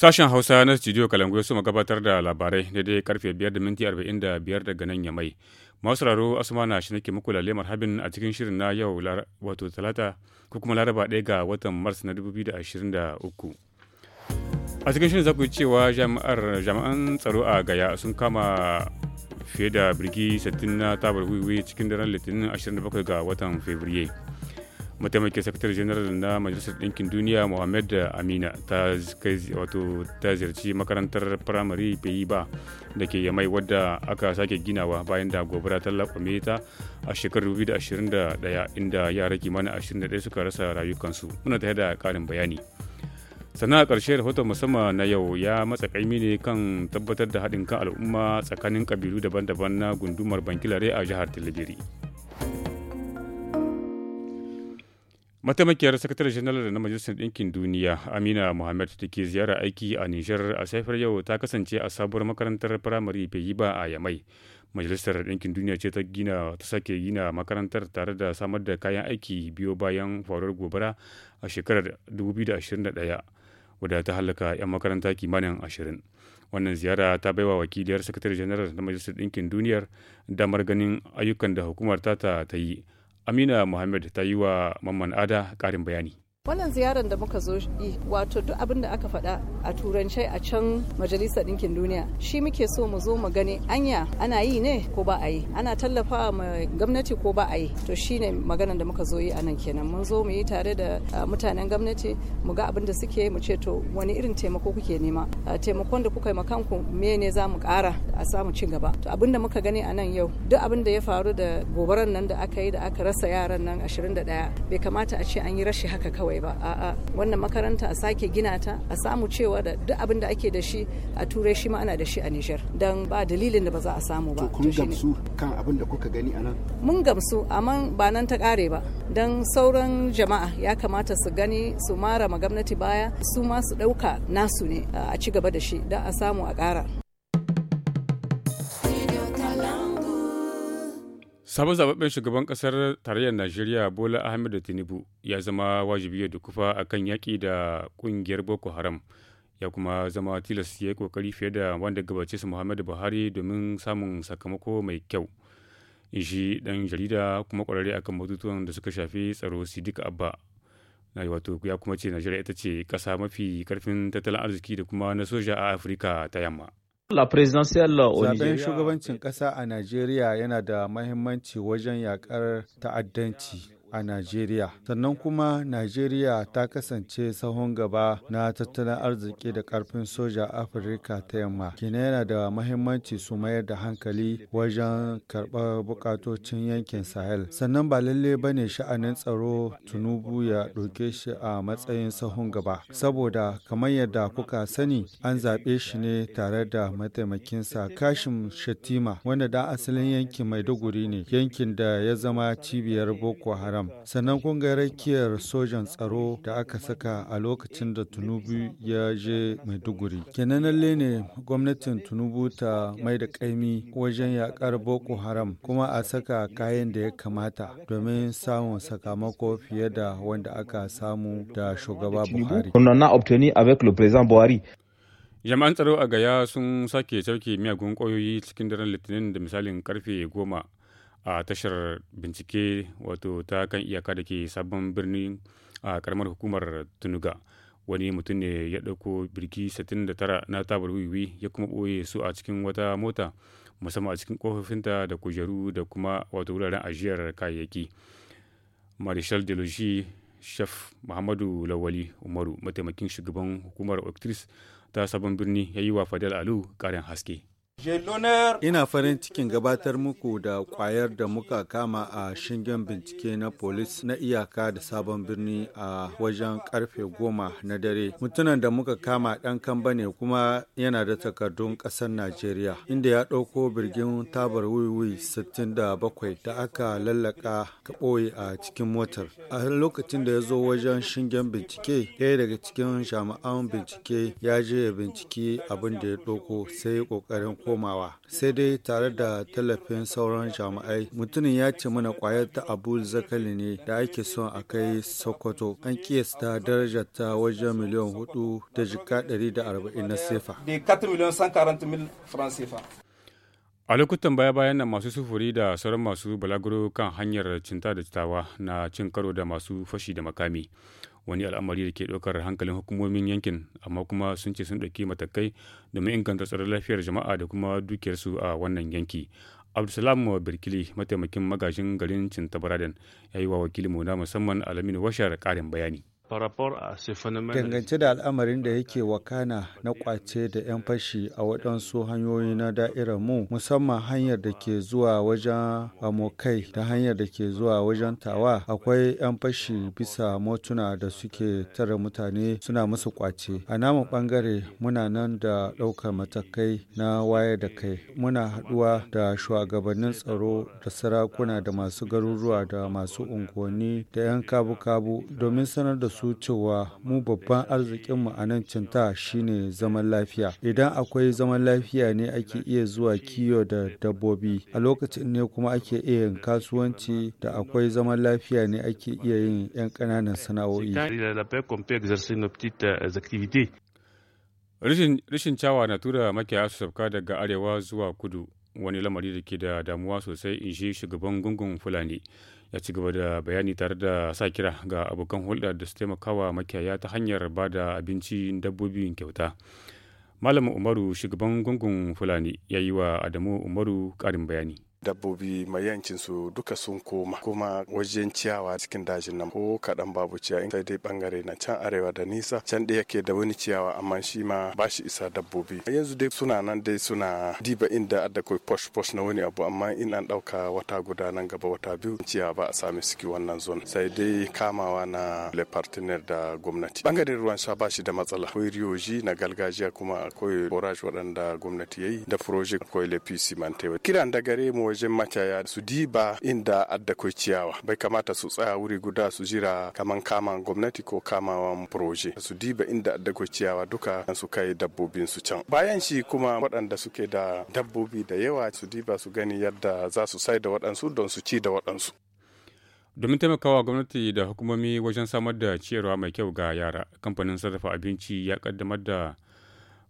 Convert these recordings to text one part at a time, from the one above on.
Sashen Hausa na Studio Kalangu su gabatar da labarai daidai karfe 5 da minti 45 daga nan ya mai. Masu raro Asmana shi nake muku lalle marhabin a cikin shirin na yau wato talata ko kuma laraba ɗaya ga watan Mars na 2023. A cikin shirin za ku yi cewa jami'an tsaro a Gaya sun kama fiye da birgi 60 na tabar wiwi cikin daren Litinin 27 ga watan Fabrairu. mataimakin sakatare janar na majalisar ɗinkin duniya mohamed amina ta wato ta ziyarci makarantar firamare peyi ba da ke yamai wadda aka sake ginawa bayan da gobara ta lakwame ta a shekarar 2021 inda yara kimanin 21 suka rasa rayukansu muna tare da karin bayani sana a ƙarshe rahoton musamman na yau ya matsa ƙaimi ne kan tabbatar da haɗin kan al'umma tsakanin ƙabilu daban-daban na gundumar bankilare a jihar tilibiri mataimakiyar Sakatar janar na majalisar ɗinkin duniya amina muhammad da ke ziyara aiki a nijar a safiyar yau ta kasance a sabuwar makarantar firamare bai ba a yamai majalisar ɗinkin duniya ce ta gina ta sake gina makarantar tare da samar da kayan aiki biyo bayan faruwar gobara a shekarar 2021 wadda ta halaka 'yan makaranta kimanin ashirin wannan ziyara ta baiwa wakiliyar sakatare janar na majalisar ɗinkin duniyar damar ganin ayyukan da hukumar tata ta yi Amina Muhammad ta yi wa Mamman Ada ƙarin bayani. wannan ziyarar da muka zo yi wato duk abin da aka faɗa a turance a can majalisar ɗinkin duniya shi muke so mu zo mu gani anya ana yi ne ko ba a yi ana tallafawa ma gwamnati ko ba a yi to ne maganar da muka zo yi a nan kenan mun zo mu yi tare da mutanen gwamnati mu ga abin da suke mu ce to wani irin taimako kuke nema taimakon da kuka yi ma kanku me ne za mu ƙara a samu ci gaba to abin da muka gani a nan yau duk abin da ya faru da gobarar nan da aka yi da aka rasa yaran nan 21 bai kamata a ce an yi rashi haka kawai kawai ba a'a wannan makaranta a sake gina ta a samu cewa da duk abin da ake da shi a turai shi ma ana da shi a Nijar dan ba dalilin da ba za a samu ba kun gamsu kan abin da kuka gani anan mun gamsu amma ba nan ta kare ba dan sauran jama'a ya kamata su gani su mara ma gwamnati baya su ma su dauka nasu ne a ci gaba da shi dan a samu a kara Sabon zababben shugaban ƙasar tarayyar Najeriya Bola Ahmed Tinubu ya zama wajibi ya dukufa a kan yaƙi da ƙungiyar Boko Haram ya kuma zama tilas ya yi ƙoƙari fiye da wanda gabace su Muhammadu Buhari domin samun sakamako mai kyau. Shi ɗan jarida kuma ƙwararre akan batutuwan da suka shafi tsaro Sidik Abba. Na wato ya kuma ce Najeriya ita ce ƙasa mafi karfin tattalin arziki da kuma na soja a Afirka ta yamma. La presidential Zaben shugabancin ƙasa a Najeriya yana da mahimmanci wajen yakar ta'addanci. a Najeriya. Sannan kuma Najeriya ta kasance sahun gaba na tattalin arziki da karfin soja Afirka ta yamma. Kina yana da mahimmanci su mayar da hankali wajen karɓar bukatocin yankin Sahel. Sannan ba lalle ba ne sha'anin tsaro Tunubu ya ɗauke shi a matsayin sahun gaba. Saboda kamar yadda kuka sani an zaɓe shi ne tare da mataimakinsa Kashim Shatima wanda da asalin yankin Maiduguri ne yankin da ya zama cibiyar Boko Haram. haram sannan kun ga rakiyar sojan tsaro da aka saka a lokacin da tunubu ya je maiduguri kenan lalle ne gwamnatin tunubu ta mai da kaimi wajen yakar boko haram kuma a saka kayan da ya kamata domin samun sakamako fiye da wanda aka samu da shugaba buhari jami'an tsaro a gaya sun sake sauke miyagun ƙwayoyi cikin daren litinin da misalin karfe goma a tashar bincike wato ta kan iyaka da ke sabon birni a karamar hukumar tunuga wani mutum ne ya ɗauko birki 69 na tabar wiwi ya kuma ɓoye su a cikin wata mota musamman a cikin ƙofofinta da kujeru da kuma wato wuraren ajiyar kayayyaki marshal deloji chef muhammadu lawali umaru mataimakin shugaban hukumar octris ta sabon birni ya yi wa fadal alu ƙarin haske Ina farin cikin gabatar muku da kwayar da muka kama a shingen bincike na polis na iyaka da sabon birni a wajen karfe goma na dare. Mutunan da muka kama ɗan kamba ne kuma yana da takardun ƙasar Najeriya, inda ya ɗauko birgin tabar wuiwui 67 da bakwai da aka lallaka ka ɓoye a cikin motar. A lokacin da ya zo wajen shingen bincike, ɗaya daga cikin jami'an bincike ya je ya binciki abin da ya ɗauko sai ƙoƙarin komawa sai dai tare da tallafin sauran jami'ai mutumin ya ce mana kwayar ta abu zakali ne da ake son a kai sokoto an kiyasta daraja ta wajen miliyan hudu da jika 140 na sefa a lokutan baya-bayan nan masu sufuri da sauran masu balaguro kan hanyar cinta da citawa na cin karo da masu fashi da makami wani al'amari da ke ɗaukar hankalin hukumomin yankin amma kuma sun ce sun ɗauki matakai domin inganta tsaron lafiyar jama'a da kuma dukiyarsu a wannan yanki abdulsalam birkili mataimakin magajin garin cintabaradan ya yi wa wakilinmu na musamman alamin washar ƙarin bayani a Dangance da al'amarin da yake wakana na kwace da 'yan fashi a waɗansu hanyoyi na da'irar mu musamman hanyar da ke zuwa wajen amokai da hanyar da ke zuwa wajen tawa akwai 'yan fashi bisa motuna da suke tare mutane suna musu kwace. A namun ɓangare muna nan da ɗaukar matakai na wayar da kai. Muna haɗuwa da shugabannin tsaro da sarakuna da masu garuruwa da masu unguwanni da 'yan kabu-kabu domin sanar da su su cewa mu babban arzikinmu a nan cinta shine zaman lafiya. Idan akwai zaman lafiya ne ake iya zuwa kiyo da dabbobi, a lokacin ne kuma ake iya yin kasuwanci da akwai zaman lafiya ne ake iya yin 'yan kananan sana'o'i. rashin euh, cawa na tura makiyaya su sabka daga arewa zuwa kudu wani lamari da ke da damuwa sosai in shi shugaban gungun Fulani. ya ci gaba da bayani tare da sa kira ga abokan hulɗa da su taimakawa makiyaya ta hanyar ba da abinci dabbobi kyauta malam umaru shugaban gungun fulani ya yi wa adamu umaru ƙarin bayani dabbobi mai yankin su duka sun koma kuma wajen ciyawa cikin dajin nan ko kaɗan babu in sai dai bangare na can arewa da nisa can da yake da wani ciyawa amma shi ma ba shi isa dabbobi yanzu dai suna nan dai suna diba inda adda kai posh posh na wani abu amma in an ɗauka wata guda nan gaba wata biyu ciyawa ba a sami suki wannan zon sai dai kamawa na le partenaire da gwamnati bangaren ruwan sha ba shi da matsala akwai riyoji na galgajiya. kuma akwai forage waɗanda gwamnati ya yi da project akwai le pc mantewa kiran da gare mu wajen macaya su diba inda ko ciyawa bai kamata su tsaya wuri guda su jira kaman kama gwamnati ko kamawan proje su diba inda ko ciyawa duka su kai dabbobin su can bayan shi kuma waɗanda suke da dabbobi da yawa su diba su gani yadda za su sai da waɗansu don su ci da waɗansu domin taimakawa gwamnati da hukumomi wajen samar da ciyarwa mai kyau ga yara kamfanin sarrafa abinci ya kaddamar da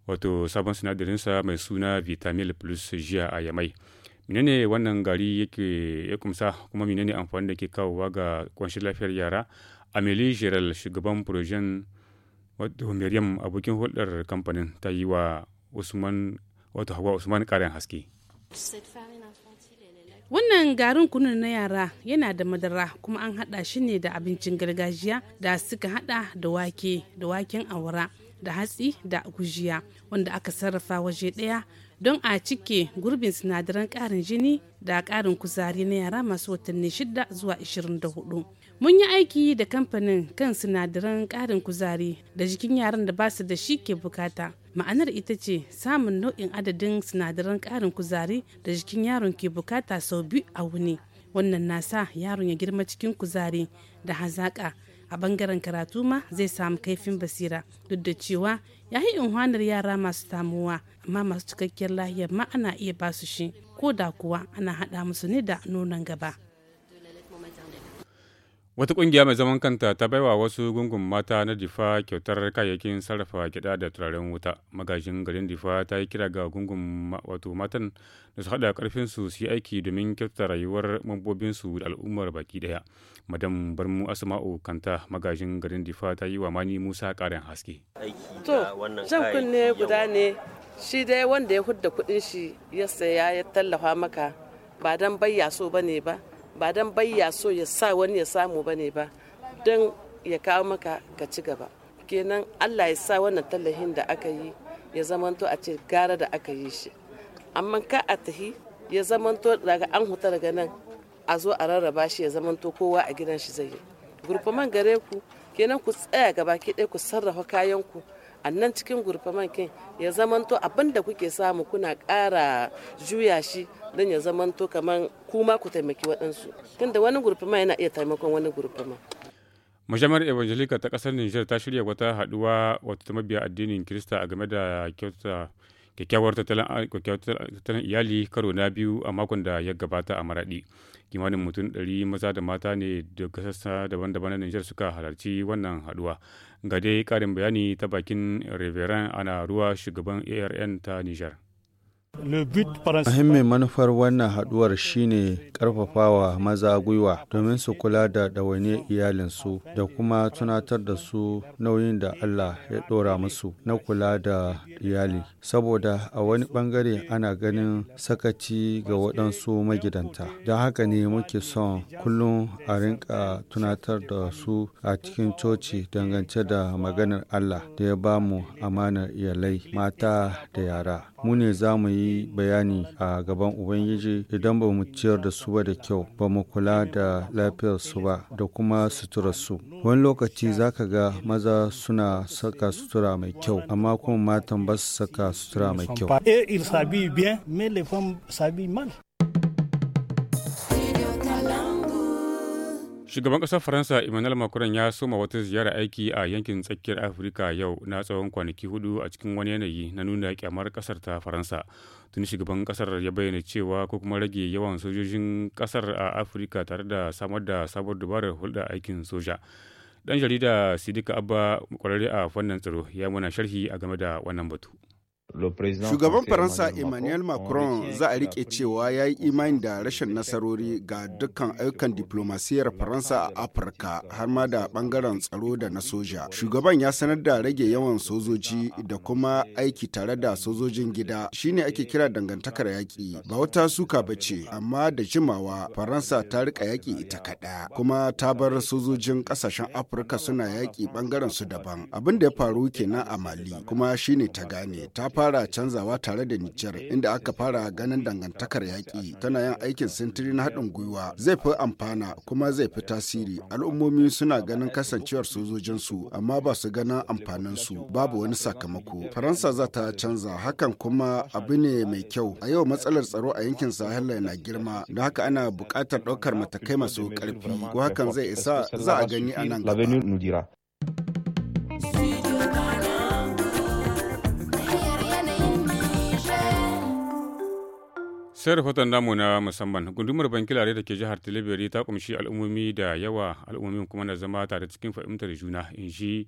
wato sabon sinadarinsa mai suna vitamin plus jiya a yamai menene wannan gari yake ya kumsa kuma menene amfani da ke kawowa ga kwanshi lafiyar yara amelie gerald shugaban projen wato miriam abokin hulɗar kamfanin ta yi wa usman wato hawa usman ƙarin haske Wannan garin kunun na yara yana da madara kuma an haɗa shi ne da abincin gargajiya da suka haɗa da wake da waken awara da hatsi da gujiya wanda aka sarrafa waje ɗaya don a cike gurbin sinadaran ƙarin jini da ƙarin kuzari na yara masu watanni 6 zuwa 24. Mun yi aiki da kamfanin kan sinadaran karin kuzari da jikin yaran da basu da shi ke bukata. Ma'anar ita ce samun nau'in adadin sinadaran ƙarin kuzari da jikin yaron ke bukata sau biyu a wuni. Wannan nasa yaron ya girma cikin kuzari da hazaƙa a bangaren karatu ma zai samu kaifin basira duk da cewa ya yi inhwanar yara masu tamuwa amma masu cikakkiyar lahiyar ma ana iya basu shi ko da kuwa ana haɗa musu ni da nonon gaba Wata ƙungiya mai zaman kanta ta bai wa wasu gungun mata na Difa kyautar kayayyakin sarrafa gida da turaren wuta. Magajin garin Difa ta yi kira ga gungun wato matan da su haɗa ƙarfinsu su yi aiki domin kyautar rayuwar mambobinsu da al'ummar baki ɗaya. Madam Barmu Asma'u Kanta magajin garin Difa ta yi wa Mani Musa ƙarin haske. To, jan kunne guda ne shi dai wanda ya hudda kuɗin shi ya saya ya tallafa maka ba dan bayya so bane ba. ba don bayya so ya sa wani ya samu ba ne ba don ya kawo maka ka ci gaba kenan allah ya sa wannan tallahin da aka yi ya zamanto a ce gara da aka yi shi amma ka a tahi ya zamanto daga an huta daga nan a zo a rarraba shi ya zamanto kowa a gidan shi zai yi gurfaman gare ku kenan ku tsaya gaba ki ku sarrafa kayan ku annan cikin gurfa kin ya zamanto abin da kuke samu kuna ƙara juya shi don ya zamanto kamar kuma ku taimaki waɗansu tunda wani man yana iya taimakon wani ma. majamar evangelica ta ƙasar niger ta shirya wata haɗuwa wata mabiya addinin kirista a game da kyauta kyakkyawar tattalin iyali karo na biyu a makon da ya gabata a maradi kimanin mutum ɗari maza da mata ne daga sassa daban-daban na nijar suka halarci wannan haduwa ga dai karin bayani ta bakin reverend ana ruwa shugaban arn ta nijar Muhimmin manufar wannan haɗuwar shine ƙarfafawa maza gwiwa domin su kula da ɗawainiyar iyalinsu da kuma tunatar da su nauyin da Allah ya ɗora musu na kula da iyali. Saboda a wani ɓangare ana ganin sakaci ga waɗansu magidanta. Don haka ne muke son kullum a rinka tunatar da su a cikin coci dangance da maganar Allah da ya bamu amanar iyalai mata da yara. mu ne za mu yi bayani a gaban ubangiji idan ba mu ciyar da su ba da kyau ba mu kula da lafiyar su ba da kuma su wani lokaci za ka ga maza suna saka sutura mai kyau amma kuma matan ba su saka sutura mai kyau Shugaban ƙasar Faransa Emmanuel Macron ya soma wata ziyara aiki a yankin tsakiyar Afirka yau na tsawon kwanaki hudu a cikin wani yanayi na nuna kyamar ƙasar ta Faransa. tun shugaban ƙasar ya bayyana cewa ko kuma rage yawan sojojin ƙasar a Afirka tare da samar da sabuwar dabarar hulɗa aikin soja. Dan jarida Sidika Abba kwararre a fannin tsaro ya muna sharhi a game da wannan batu. Shugaban Faransa Emmanuel Macron za a rike cewa ya yi imani da rashin nasarori ga dukkan ayyukan diplomasiyar Faransa a Afirka har ma da bangaren tsaro da na soja. Shugaban ya sanar da rage yawan sojoji da kuma aiki tare da sojojin gida shine ake kira dangantakar yaƙi. Ba wata suka ba ce, amma da jimawa Faransa ta rika yaƙi ita kaɗa kuma ta bar sojojin ƙasashen Afirka suna yaƙi bangaren su daban. Abin da ya faru kenan a Mali kuma shine ta gane ta fara canzawa tare da Nijar inda aka fara ganin dangantakar yaƙi tana yin aikin sintiri na haɗin gwiwa zai fi amfana kuma zai fi tasiri al'ummomi suna ganin kasancewar sojojinsu amma ba su ganin amfaninsu babu wani sakamako faransa za ta canza hakan kuma abu ne mai kyau a yau matsalar tsaro a yankin sahel na girma da haka ana buƙatar ɗaukar matakai masu ƙarfi ko hakan zai isa za a gani a nan gaba sai rahoton namu na musamman gundumar bankilare da ke jihar tilibiri ta kumshi al'ummomi da yawa al'ummomin kuma na zama tare cikin fahimtar juna in shi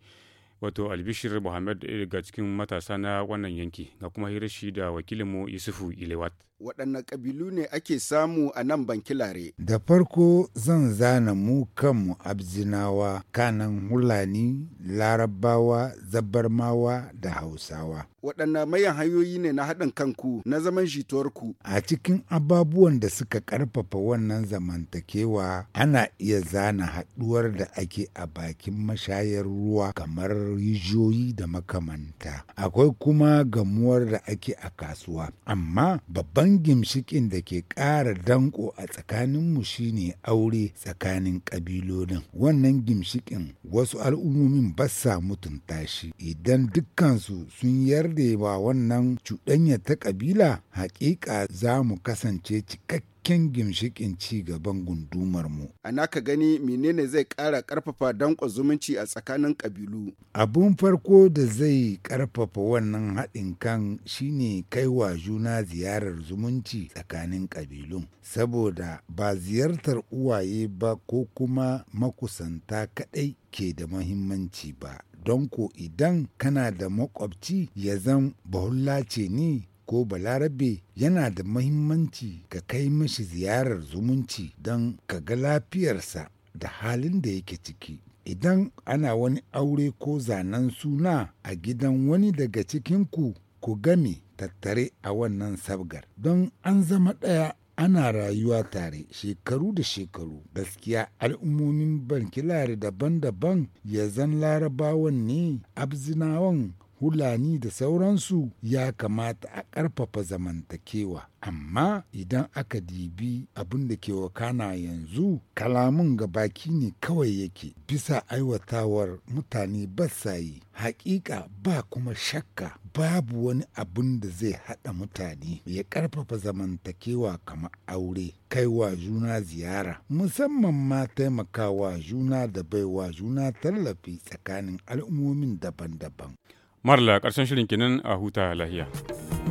wato albishir muhammad daga cikin matasa na wannan yanki ga kuma hirar shi da wakilinmu yusufu ilewat waɗanne ƙabilu ne ake samu a nan bankilare? Da farko zan zana mu kanmu abzinawa, kanan hulani, larabawa, zabarmawa da hausawa. Waɗanne mayan hanyoyi ne na haɗin kanku na zaman ku? A cikin ababuwan da suka ƙarfafa wannan zamantakewa ana iya zana haɗuwar da ake a bakin mashayar ruwa kamar rijiyoyi da makamanta. Akwai kuma gamuwar da ake a kasuwa, amma babban babban gimshikin da ke ƙara danko a tsakaninmu shine aure tsakanin ƙabilolin wannan gimshikin wasu al'ummomin ba sa mutunta shi idan dukkansu sun yarda ba wannan cuɗanya ta ƙabila haƙiƙa za mu kasance cikakken cikakken gimshikin ci gaban gundumar mu? A naka gani menene zai ƙara ƙarfafa danƙon zumunci a tsakanin ƙabilu. Abun farko da zai ƙarfafa wannan haɗin kan shine kaiwa juna ziyarar zumunci tsakanin ƙabilun. Saboda ba ziyartar uwaye ba ko kuma makusanta kaɗai ke da muhimmanci ba. Don ko idan kana da makwabci ya zan bahulla ce ni ko balarabe yana da mahimmanci ka kai mashi ziyarar zumunci don ka ga lafiyarsa da halin da yake ciki. Idan ana wani aure ko zanen suna a gidan wani daga cikinku ku game tattare a wannan sabgar don an zama ɗaya ana rayuwa tare shekaru da shekaru gaskiya al'ummomin bankilari daban-daban ya zan larabawan ne abzinawan fulani da sauransu ya kamata a ƙarfafa zamantakewa. Amma idan aka dibi abin da ke wakana yanzu, kalamun ga baki ne kawai yake bisa aiwatawar mutane ba yi. Hakika ba kuma shakka babu wani abin da zai haɗa mutane ya ƙarfafa zamantakewa kamar aure, kaiwa juna ziyara, musamman ma taimakawa juna da baiwa juna tallafi tsakanin al'ummomin daban-daban. Marla ƙarshen shirin kenan a huta lahiya.